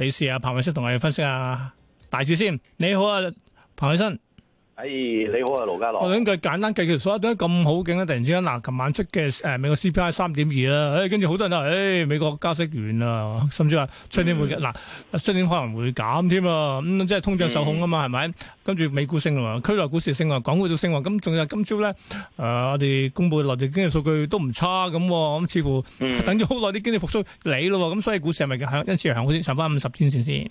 你試下，彭偉新同我哋分析下大市先。你好啊，彭偉新。哎、你好啊，盧家樂。我想計簡單計條數啊，點解咁好景咧？突然之間嗱，琴、呃、晚出嘅誒美國 CPI 三點二、欸、啦，誒跟住好多人都話誒美國加息完啦，甚至話春天會嗱、嗯、春天可能會減添啊，咁、嗯、即係通脹受控啊嘛，係咪？跟住美股升啊嘛，區內股市升啊，港股都升喎，咁仲有今朝咧誒我哋公布內地經濟數據都唔差咁，咁、哦、似乎等咗好耐啲經濟復蘇你咯，咁、嗯、所以股市係咪一因此而行好啲，上翻五十天線先？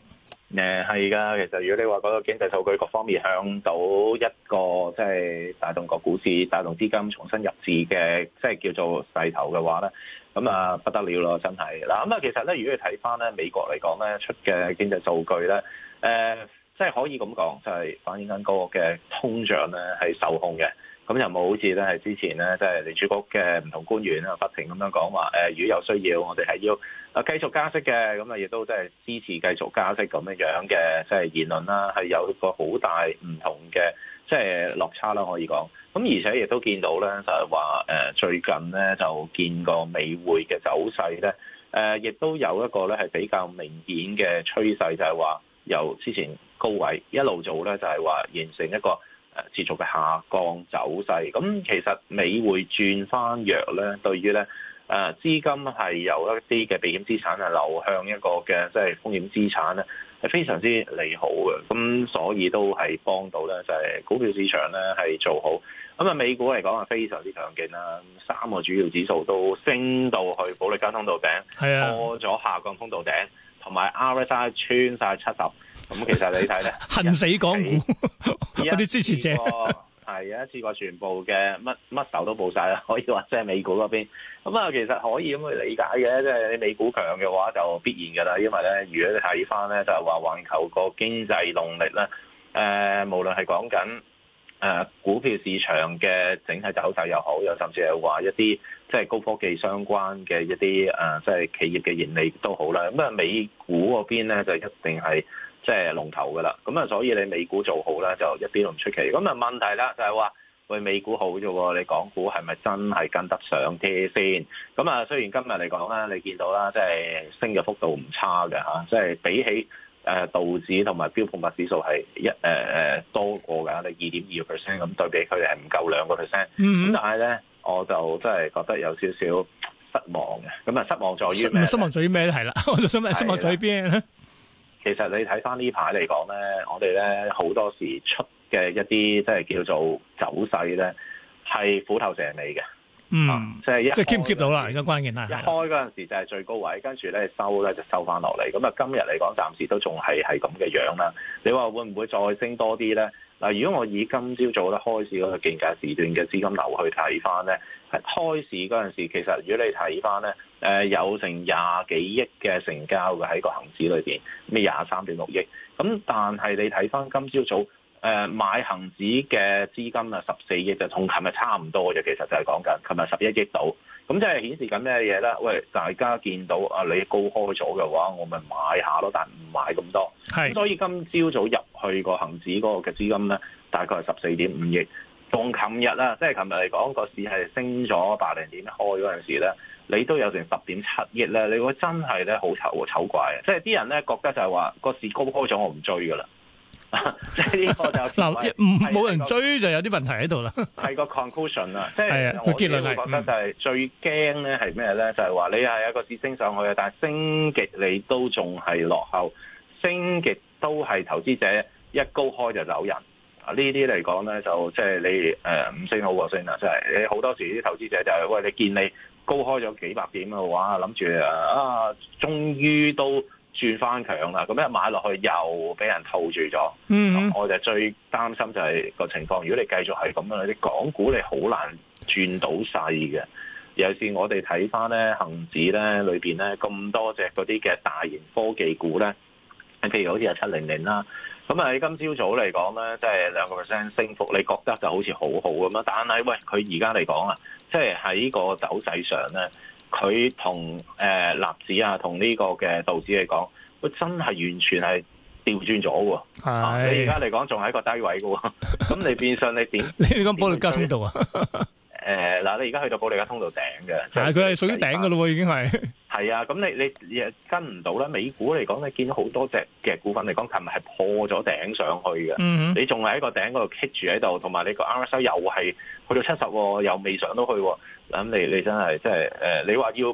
誒係噶，其實如果你話嗰個經濟數據各方面向到一個即係帶動個股市、帶動資金重新入市嘅，即係叫做勢頭嘅話咧，咁啊不得了咯，真係嗱。咁啊，其實咧，如果你睇翻咧美國嚟講咧出嘅經濟數據咧，誒即係可以咁講，就係反映緊嗰個嘅通脹咧係受控嘅。咁又冇好似咧，係之前咧，即係聯儲局嘅唔同官員啦，不停咁樣講話，誒、呃，如果有需要，我哋係要繼續加息嘅，咁啊，亦都即係支持繼續加息咁樣樣嘅即係言論啦，係有一個好大唔同嘅即係落差啦，可以講。咁而且亦都見到咧，就係話誒，最近咧就見過美匯嘅走勢咧，誒、呃，亦都有一個咧係比較明顯嘅趨勢，就係、是、話由之前高位一路做咧，就係、是、話形成一個。持續嘅下降走勢，咁其實美匯轉翻弱咧，對於咧誒資金係由一啲嘅避險資產係流向一個嘅即係風險資產咧，係非常之利好嘅，咁所以都係幫到咧，就係、是、股票市場咧係做好。咁啊美股嚟講係非常之強勁啦，三個主要指數都升到去保力加通道頂，破咗、啊、下降通道頂。同埋 RSI 穿晒七十，咁其實你睇咧， 恨死港講股！ 我啲支持者係有 一次過全部嘅乜乜仇都冇晒啦，可以話即係美股嗰邊咁啊，其實可以咁去理解嘅，即係你美股強嘅話就必然噶啦，因為咧，如果你睇翻咧就係話環球個經濟動力咧，誒、呃，無論係講緊。誒、啊、股票市場嘅整體走勢又好，又甚至係話一啲即係高科技相關嘅一啲誒，即、啊、係、就是、企業嘅盈利都好啦。咁啊，美股嗰邊咧就一定係即係龍頭噶啦。咁啊，所以你美股做好咧，就一啲都唔出奇。咁啊，問題咧就係、是、話，喂美股好啫，你港股係咪真係跟得上啲先？咁啊，雖然今日嚟講咧，你見到啦，即、就、係、是、升嘅幅度唔差嘅吓，即、啊、係、就是、比起。誒，道指同埋標普物指數係一誒誒、呃、多過㗎，你二點二個 percent 咁對比佢哋係唔夠兩個 percent，咁但係咧我就真係覺得有少少失望嘅，咁啊失望在於失，失望在於咩咧？係啦 的，我就想問失望在於邊咧？其實你睇翻呢排嚟講咧，我哋咧好多時出嘅一啲即係叫做走勢咧，係虎頭蛇尾嘅。嗯，即係即係 keep 唔 keep 到啦，而家關鍵啦。一開嗰陣時就係最高位，跟住咧收咧就收翻落嚟。咁啊，今日嚟講暫時都仲係係咁嘅樣啦。你話會唔會再升多啲咧？嗱，如果我以今朝早咧開始嗰個競價時段嘅資金流去睇翻咧，開市嗰陣時其實如果你睇翻咧，誒有成廿幾億嘅成交嘅喺個恆指裏邊，咩廿三點六億。咁但係你睇翻今朝早。誒買恒指嘅資金啊，十四億就同琴日差唔多嘅，其實就係講緊琴日十一億度，咁即係顯示緊咩嘢咧？喂，大家見到啊，你高開咗嘅話，我咪買下咯，但唔買咁多。係是。咁所以今朝早入去個恒指嗰個嘅資金咧，大概係十四點五億，同琴日啦，即係琴日嚟講個市係升咗八零點開嗰陣時咧，你都有成十點七億咧，你會真係咧好醜醜怪啊！即係啲人咧覺得就係話個市高開咗，我唔追噶啦。即係呢個就嗱、是，冇 沒人追 就有啲問題喺度啦。係 個 conclusion 啦 是，即係、嗯、我結論覺得就係最驚咧係咩咧？就係、是、話你係一個市升上去啊，但係升極你都仲係落後，升極都係投資者一高開就走人。啊，呢啲嚟講咧就即係你誒唔升好過升啊，即、就、係、是、你好多時啲投資者就係、是、喂，你見你高開咗幾百點嘅話，諗住啊，終於都。轉翻強啦，咁一買落去又俾人套住咗。嗯、mm，hmm。我就最擔心就係個情況，如果你繼續係咁樣，你啲港股你好難轉到勢嘅。尤其是我哋睇翻咧恒指咧裏邊咧咁多隻嗰啲嘅大型科技股咧，譬如好似係七零零啦，咁啊喺今朝早嚟講咧，即係兩個 percent 升幅，你覺得就好似好好咁樣？但係喂，佢而家嚟講啊，即係喺個走勢上咧。佢同誒立子啊，同呢個嘅道指嚟講，佢真係完全係調轉咗喎是、啊。你而家嚟講仲喺個低位嘅喎。咁 你變相 你點？你講保歷加通道啊？誒 嗱、呃，你而家去到保歷加通道頂嘅，但係佢係屬於頂嘅咯喎， 已經係。係啊，咁你你亦跟唔到啦。美股嚟講，你見到好多隻嘅股份嚟講，琴日係破咗頂上去嘅。Mm hmm. 你仲係喺個頂嗰度棘住喺度，同埋你個 RSI 又係去到七十、哦，又未上到去、哦。咁你你真係即係誒，你話要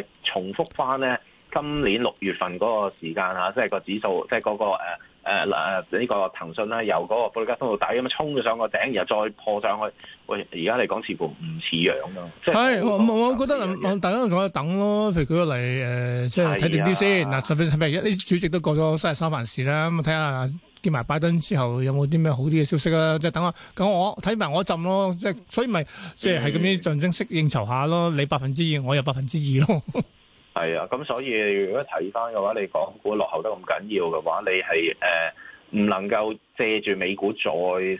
誒重複翻咧，今年六月份嗰個時間啊，即係個指數，即係嗰、嗰個、呃誒嗱呢個騰訊咧，由嗰個保歷加通道底咁樣衝咗上個頂，然後再破上去。喂，而家嚟講似乎唔似樣咯，即係我我覺得大家仲可以等咯，譬如佢嚟誒即係睇定啲先。嗱，十分睇咩嘢？啲、啊、主席都過咗三藩市啦，咁睇下見埋拜登之後有冇啲咩好啲嘅消息啦，即係等下。咁我睇埋我一陣咯，即係所以咪即係係咁啲象徵式應酬下咯，你百分之二，我又百分之二咯。係啊，咁、嗯、所以如果睇返嘅話，你港股落後得咁緊要嘅話，你係誒唔能夠借住美股再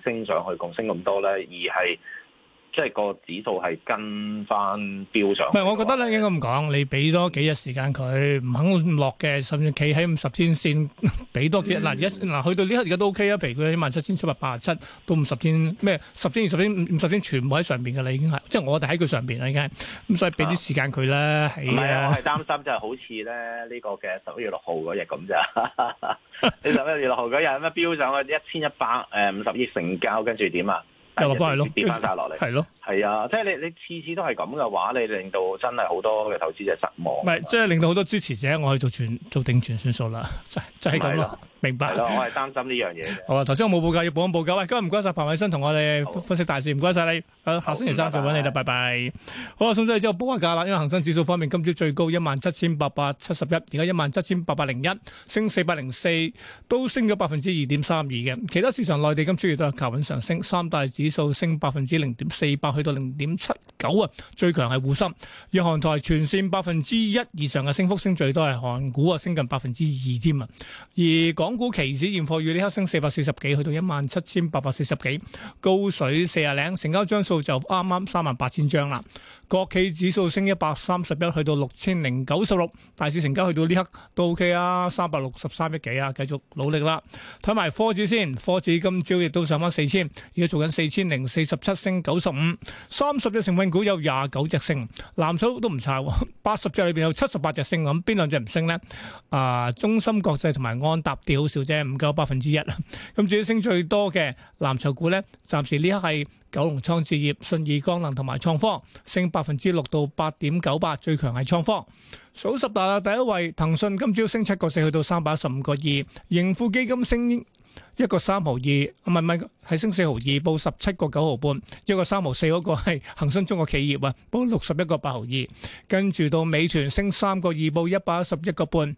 升上去共升咁多咧，而係。即係個指數係跟翻標上，唔係我覺得咧應該咁講，你俾多幾日時間佢，唔肯落嘅，甚至企喺五十天線，俾多幾日嗱，而家嗱去到呢刻而家都 OK 啊，譬如佢一萬七千七百八十七到五十天咩十天二十天五十天全部喺上邊㗎啦，已經係即係我哋喺佢上邊啦，已經係咁，所以俾啲時間佢啦，係啊，啊 我係擔心就係好似咧呢個嘅十一月六號嗰日咁咋？十 一 月六號嗰日咩標上一千一百誒五十億成交，跟住點啊？又落翻去咯，跌翻晒落嚟，係咯，係啊，即係你你次次都係咁嘅話，你令到真係好多嘅投資者失望。唔係，即係令到好多支持者，我去做全做定全算數啦，就就係咁咯。 明白，我係擔心呢樣嘢。好啊，頭先我冇報價，要報一報價。喂，今日唔該晒彭偉新同我哋分析大事，唔該晒你。下星期三再揾你啦，好拜拜。好啊，送咗你之後報下價啦。因為恒生指數方面，今朝最高一萬七千八百七十一，而家一萬七千八百零一，升四百零四，都升咗百分之二點三二嘅。其他市場內地今朝亦都係求穩上升，三大指數升百分之零點四八，去到零點七九啊。最強係滬深，日韓台全線百分之一以上嘅升幅，升最多係韓股啊，升近百分之二添啊。而港股期指現貨月呢一刻升四百四十幾，去到一萬七千八百四十幾，高水四啊零，成交張數就啱啱三萬八千張啦。國企指數升一百三十一，去到六千零九十六。大市成交去到呢刻都 OK 啊，三百六十三億幾啊，繼續努力啦。睇埋科指先，科指今朝亦都上翻四千，而家做緊四千零四十七，升九十五。三十隻成分股有廿九隻升，藍籌都唔差喎。八十隻裏邊有七十八隻升，咁邊兩隻唔升呢？啊，中芯國際同埋安踏跌好少啫，唔夠百分之一。咁至於升最多嘅藍籌股呢，暫時呢刻係九龍倉置業、信義光能同埋創科升。百分之六到八點九八，最強係創科。數十大第一位，騰訊今朝升七個四，去到三百一十五個二。盈富基金升一、啊、個三毫二，唔係唔係，係升四毫二，報十七個九毫半。一個三毫四嗰個係恒生中國企業啊，報六十一個八毫二。跟住到美團升三個二，報一百一十一個半。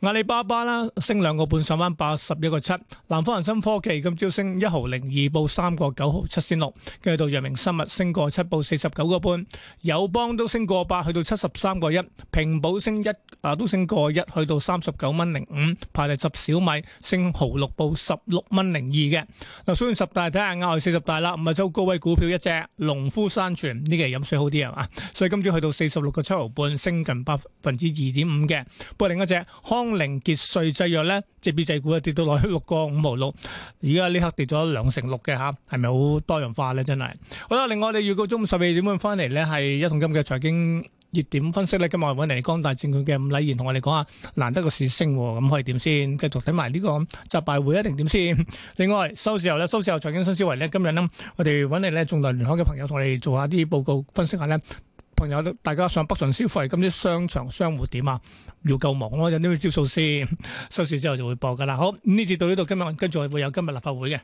阿里巴巴啦，升兩個半，上翻八十一個七。南方恒生科技今朝升一毫零二 9, 7,，報三個九毫七先六，跟住到陽明生物升過七，報四十九個半。友邦都升過八，去到七十三個一。平保升一，啊都升過一，去到三十九蚊零五。排第十，小米升毫六，報十六蚊零二嘅。嗱，所以十大睇下額外四十大啦，咪周高位股票一隻農夫山泉，呢個飲水好啲係嘛？所以今朝去到四十六個七毫半，升近百分之二點五嘅。不過另一隻。康寧傑瑞製藥咧，即係 B 制股啊，跌到落去六個五毛六，而家呢刻跌咗兩成六嘅吓，係咪好多元化咧？真係好啦。另外我哋預告中午十二點半翻嚟咧，係一桶金嘅財經熱點分析咧。今日揾嚟光大證券嘅伍禮賢同我哋講下難得個市升，咁可以點先？繼續睇埋呢個集敗會會一定點先？另外收市後咧，收市後財經新思維咧，今日呢，我哋揾嚟咧，中大聯開嘅朋友同我哋做下啲報告分析下咧。有大家上北上消費，咁啲商場商戶點啊？要夠忙咯，啊，有啲咩招數先？收市之後就會播噶啦。好，呢次到呢度，今日跟住我會有今日立法會嘅。